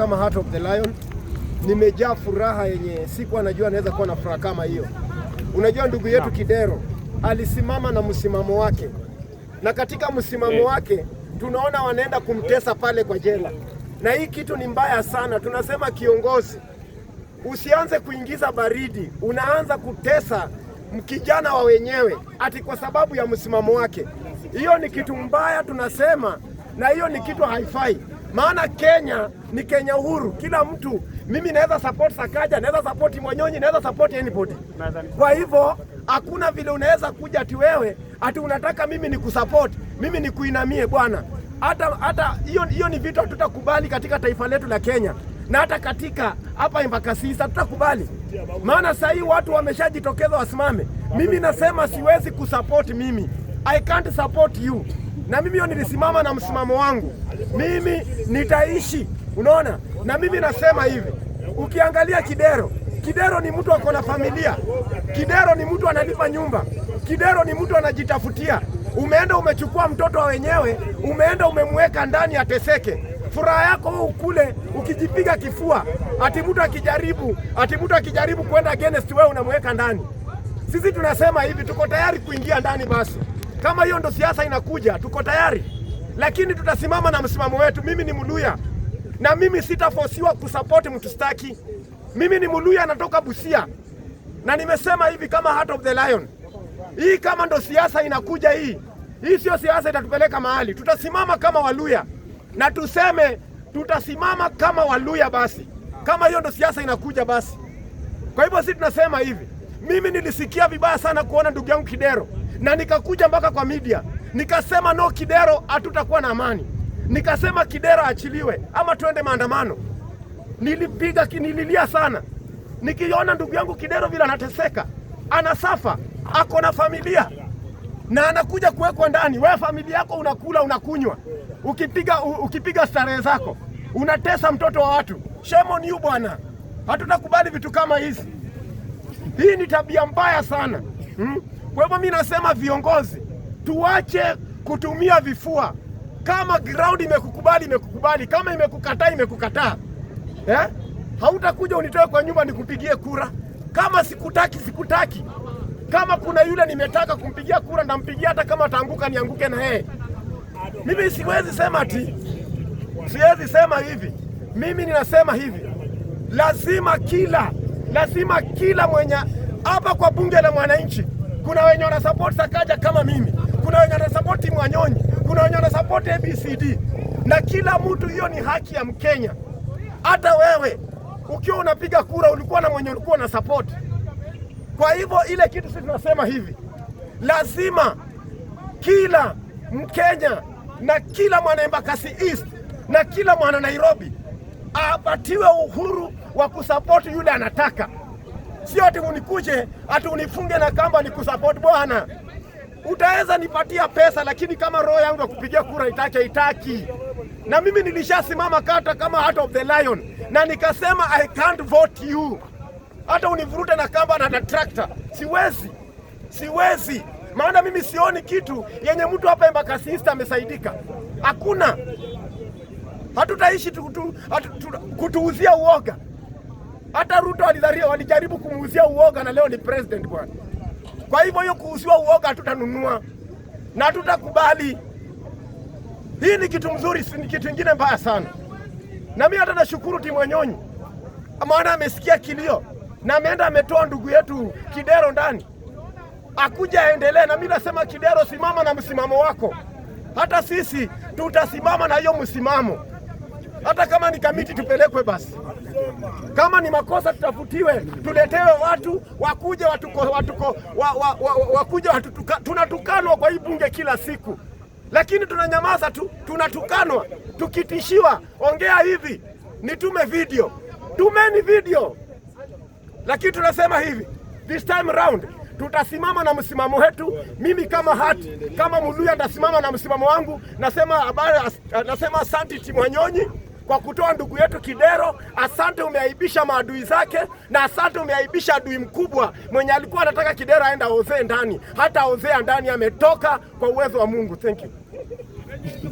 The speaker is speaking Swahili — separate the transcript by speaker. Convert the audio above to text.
Speaker 1: kama Heart of the Lion. Nimejaa furaha yenye sikuwa najua naweza kuwa na furaha kama hiyo. Unajua ndugu yetu Kidero alisimama na msimamo wake, na katika msimamo eh. wake tunaona wanaenda kumtesa pale kwa jela, na hii kitu ni mbaya sana. Tunasema kiongozi, usianze kuingiza baridi, unaanza kutesa mkijana wa wenyewe ati kwa sababu ya msimamo wake. Hiyo ni kitu mbaya tunasema, na hiyo ni kitu haifai maana Kenya ni Kenya uhuru, kila mtu. Mimi naweza support Sakaja, naweza support Mwanyonyi, naweza support anybody. Kwa hivyo hakuna vile unaweza kuja ati wewe ati unataka mimi ni kusupport, mimi ni kuinamie bwana. Hata hata hiyo hiyo ni vitu hatutakubali katika taifa letu la Kenya, na hata katika hapa Embakasisi tutakubali maana saa hii watu wameshajitokeza wasimame. Mimi nasema siwezi kusupport, mimi I can't support you na mimi hiyo nilisimama na msimamo wangu, mimi nitaishi. Unaona, na mimi nasema hivi, ukiangalia Kidero, Kidero ni mtu ako na familia, Kidero ni mtu analipa nyumba, Kidero ni mtu anajitafutia. Umeenda umechukua mtoto wa wenyewe, umeenda umemweka ndani ateseke. Furaha yako wewe ukule ukijipiga kifua, ati mtu akijaribu, ati mtu akijaribu kwenda against wewe unamweka ndani. Sisi tunasema hivi, tuko tayari kuingia ndani basi. Kama hiyo ndo siasa inakuja, tuko tayari, lakini tutasimama na msimamo wetu. Mimi ni Muluya na mimi sitafosiwa kusapoti mtu staki. Mimi ni Muluya, natoka Busia na nimesema hivi kama Heart of the Lion. Hii kama ndo siasa inakuja hii hii siyo siasa itatupeleka mahali. Tutasimama kama Waluya na tuseme tutasimama kama Waluya. Basi kama hiyo ndo siasa inakuja basi. Kwa hivyo sisi tunasema hivi, mimi nilisikia vibaya sana kuona ndugu yangu Kidero na nikakuja mpaka kwa media nikasema, no Kidero hatutakuwa na amani. Nikasema Kidero achiliwe ama tuende maandamano. Nilipiga, nililia sana nikiona ndugu yangu Kidero vile anateseka, anasafa, ako na familia na anakuja kuwekwa ndani. Wewe familia yako unakula unakunywa, ukipiga ukipiga starehe zako, unatesa mtoto wa watu. Shame on you bwana, hatutakubali vitu kama hizi. Hii ni tabia mbaya sana hmm? Kwa hivyo mi nasema viongozi, tuache kutumia vifua. Kama ground imekukubali imekukubali, kama imekukataa imekukataa, eh? Hautakuja unitoe kwa nyumba nikupigie kura. Kama sikutaki sikutaki. Kama kuna yule nimetaka kumpigia kura ndampigia, hata kama ataanguka nianguke na yeye. Mimi siwezi sema ati, siwezi sema hivi. Mimi ninasema hivi, lazima kila lazima kila mwenye hapa kwa bunge la mwananchi kuna wenye support Sakaja kama mimi, kuna wenye support Mwanyonyi, kuna wenye support ABCD, na kila mtu. Hiyo ni haki ya Mkenya. Hata wewe ukiwa unapiga kura ulikuwa na mwenye ulikuwa na sapoti. Kwa hivyo ile kitu sisi tunasema hivi, lazima kila Mkenya na kila mwana Embakasi East na kila mwana Nairobi apatiwe uhuru wa kusapoti yule anataka sio ati unikuje ati unifunge na kamba ni kusupport bwana. Utaweza nipatia pesa, lakini kama roho yangu ya kupigia kura itaki itaki. Na mimi nilishasimama kata kama heart of the lion, na nikasema I can't vote you, hata univuruta na kamba na na trakta, siwezi, siwezi maana mimi sioni kitu yenye mtu hapa Embakasi East amesaidika. Hakuna, hatutaishi kutuuzia uoga. Hata Ruto walidharia walijaribu kumuuzia uoga na leo ni president bwana. Kwa hivyo hiyo kuuziwa uoga hatutanunua na hatutakubali. Hii ni kitu mzuri, si kitu kingine mbaya sana. Na mimi hata nashukuru timu Wanyonyi, maana amesikia kilio na ameenda ametoa ndugu yetu Kidero ndani akuja aendelee. Na mimi nasema Kidero, simama na msimamo wako, hata sisi tutasimama na hiyo msimamo hata kama ni kamiti tupelekwe basi, kama ni makosa tutafutiwe, tuletewe watu wakuje watuko, watuko, wa, wa, wa, wakuje watutuka. Tunatukanwa kwa hii bunge kila siku, lakini tunanyamaza tu, tunatukanwa tukitishiwa, ongea hivi, nitume video, tumeni video, lakini tunasema hivi this time round tutasimama na msimamo wetu. Mimi kama hati kama Muluya nitasimama na msimamo wangu. Nasema habari, nasema asanti Timwanyonyi kwa kutoa ndugu yetu Kidero. Asante, umeaibisha maadui zake, na asante, umeaibisha adui mkubwa mwenye alikuwa anataka Kidero aenda ozee ndani. Hata ozea ndani ametoka kwa uwezo wa Mungu. Thank you.